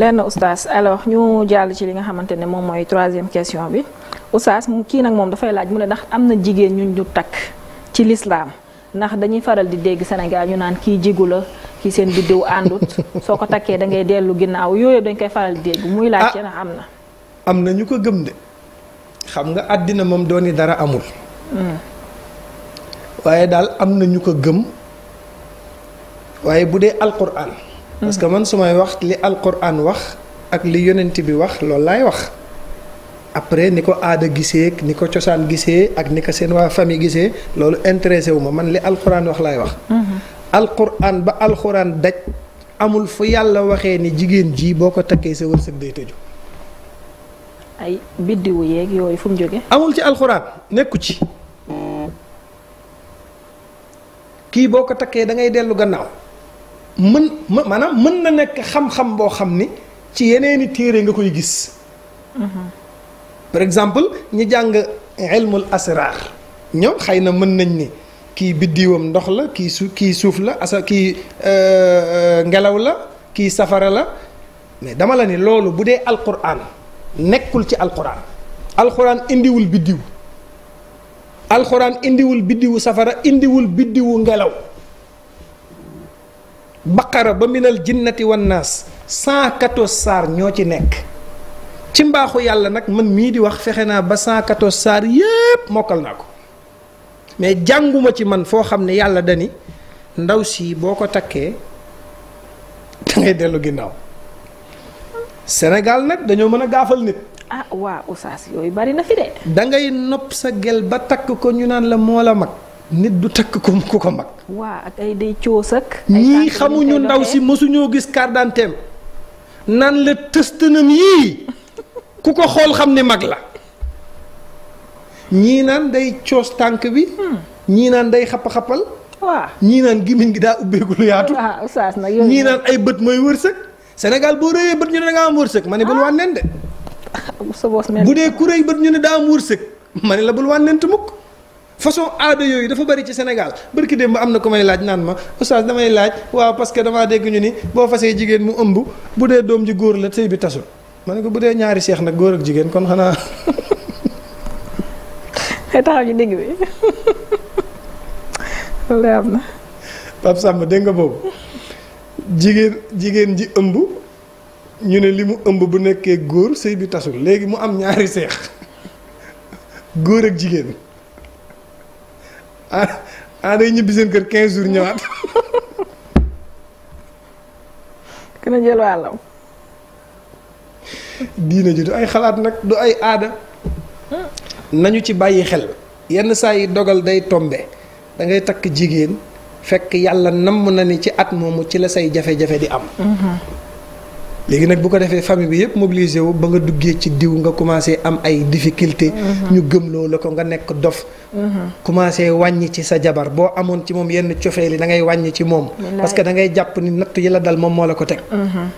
lenn oustaz alors ñu jàll ci li nga xamante ne moom mooy troisième question bi oustaz kii nag moom dafay laaj mu ne ndax am na jigéen ñu ñu takk ci lislaam ndax dañuy faral di dégg senegal ñu naan kii jigu la kii seen biddiw àndut soo ko takkee da ngay dellu ginnaaw yooyu dañ koy faral di dégg muy laaj ah. ci ndax am na am na ñu ko gëm de xam nga àddina moom dooni dara amul hmm. waaye daal am na ñu ko gëm waaye bu dee alquran parce que man su may wax li alquran wax ak li yonent bi wax loolu laay wax après ni ko aada gisee ni ko cosaan gisee ak ni ko seen waa famille gisee loolu intéressé wu ma man li alquran wax laay wax mhm. alquran ba alquran daj amul fu yàlla waxee ni jigéen ji boo ko takkee sa wërsëg sa tëju ay biddiwu yeeg yooyu fu mu jóge amul ci alxuraan nekku ci kii boo ko takkee da ngay dellu gannaaw mën maanaam mën na nekk xam-xam boo xam ni ci yeneeni téere nga koy gis mhm. par exemple ñu jàng ilmul asraar ñoom xëy na mën nañ ni kii biddiwam ndox la kii su kii suuf la asa kii euh, euh, ngelaw la kii safara la mais dama la ni loolu bu dee alquran nekkul ci alquran alquran indiwul biddiw alquran indiwul biddiwu safara indiwul biddiwu ngelaw baqara ba minal jinnati wan naas 114 saar ñoo ci nekk ci mbaaxu yàlla nag man mii di wax fexe naa ba 114 saar yépp mokkal naa ko mais jànguma ci man foo xam ne yàlla dani ndaw si boo ko takkee dellu ginnaaw Sénégal nag dañoo mën a gaafal nit. ah waaw oustaz yooyu bari na fi de. da nopp sa gel ba takk ko ñu naan la moo la mag. nit du takk ko ku ko mag. waa ak ay day coos ak. ñii xamuñu ndaw si mosuñoo gis carte d'identité naan la tëstanam yii ku ko xool xam ne mag la ñii naan day coos tànk bi. Hmm. ñii naan day xapp xappal waaw ñii naan gémmiñ gi daa ubbeeku lu yaatu. waaw ñii naan ay bët mooy wërsëg. senegal boo rëyee bët ñu ne da am wërsëg ma ne bul ah. wànneen de. bu dee ku rëy bët ñu ne daa am wërsëg ma ne la bul wànneen te mukk façon aada yooyu dafa bari ci senegal barki démb am na ku may laaj naan ma oustaz damay laaj waaw parce que damaa dégg ñu ni boo fasee jigéen mu ëmb bu dee doom ji góor la sëy bi tasul ma ne ko bu dee ñaari seex nag góor ak jigéen kon xanaa. xëy taxaw ñu dégg am na. Pape Samb dégg nga boobu jigéen jigéen ji ëmb ñu ne li mu ëmb bu nekkee góor sëy bi tasul léegi mu am ñaari seex góor ak jigéen. ah ah day ñibbi seen kër 15 jours ñëwaat. gën jël wàllam. diina ji du ay xalaat nag du ay aada. nañu ci bàyyi xel. yenn saa yi dogal day tombe dangay takk jigéen fekk yàlla namm na ni ci at moomu ci la say jafe-jafe di am. Mhm. léegi nag bu ko defee famille bi yëpp mobilisé wu ba nga duggee ci diw nga commencé am ay difficulté mhm. ñu gëm loo la ko nga nekk dof mhm. commencé wàññi ci sa jabar boo amoon ci moom yenn cofeel yi da ngay wàññi ci moom parce que da ngay jàpp ni natt yi la dal moom moo la ko teg mhm.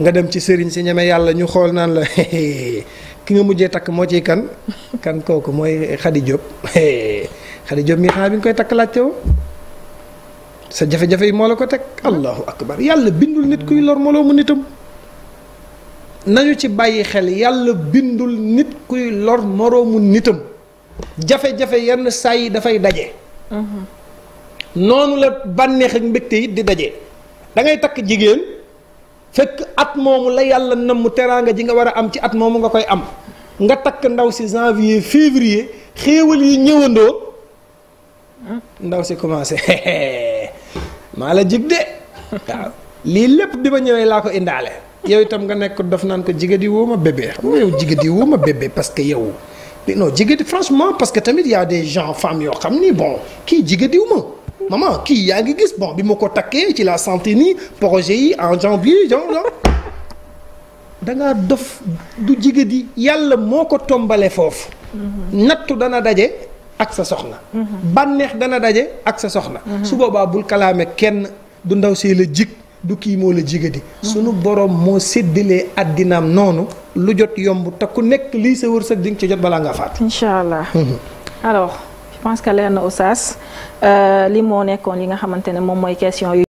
nga dem ci sëriñ si ñeme yàlla ñu xool naan la ki nga mujjee takk moo ciy kan kan kooku mooy Khady Diop Khady Diop mi xanaa bi nga koy takk laajte woo sa jafe-jafe yi moo la ko teg ah. allahu akbar yàlla bindul nit kuy lor moloomu nitam nañu ci bàyyi xel yàlla bindul nit kuy lor moroomu nitam jafe-jafe yenn saa dafay daje. Mhm. noonu la bànneex ak mbégte it di daje. dangay takk jigéen fekk at moomu la yàlla namm teraanga ji nga war a am ci at moomu nga koy am nga takk ndaw si janvier février xéewal yi ñëwandoo ndaw si commencé maa la jig de waaw lii lépp bi ma ñëwee laa ko indaale. yow itam nga nekk dof naan ko jigéen di woo ma bébé xam nga yow jigéen woo ma bébé parce que yow non jigéen di franchement parce que tamit y a des gens yoo xam ni bon kii jigéen diw ma. maman kii yaa ngi gis bon bi ma ko takkee ci la santé nii projet yi en janvier genre genre da ngaa dof du jigéen di yàlla moo ko tombale foofu. Mhm. nattu dana daje ak sa soxna. Mhm. bànneex dana daje ak sa soxna. Mhm. su boobaa bul kalaame kenn du ndaw see la jik du kii moo la jigadi sunu borom moo séddalee addinaam noonu lu jot yomb te ku nekk lii sa wërsëg di nga ci jot balaa ngaa faatu. incha allah. Mhm. alors je pense que leer na Oustaz euh, li moo nekkoon yi nga xamante ne moom mooy question yi.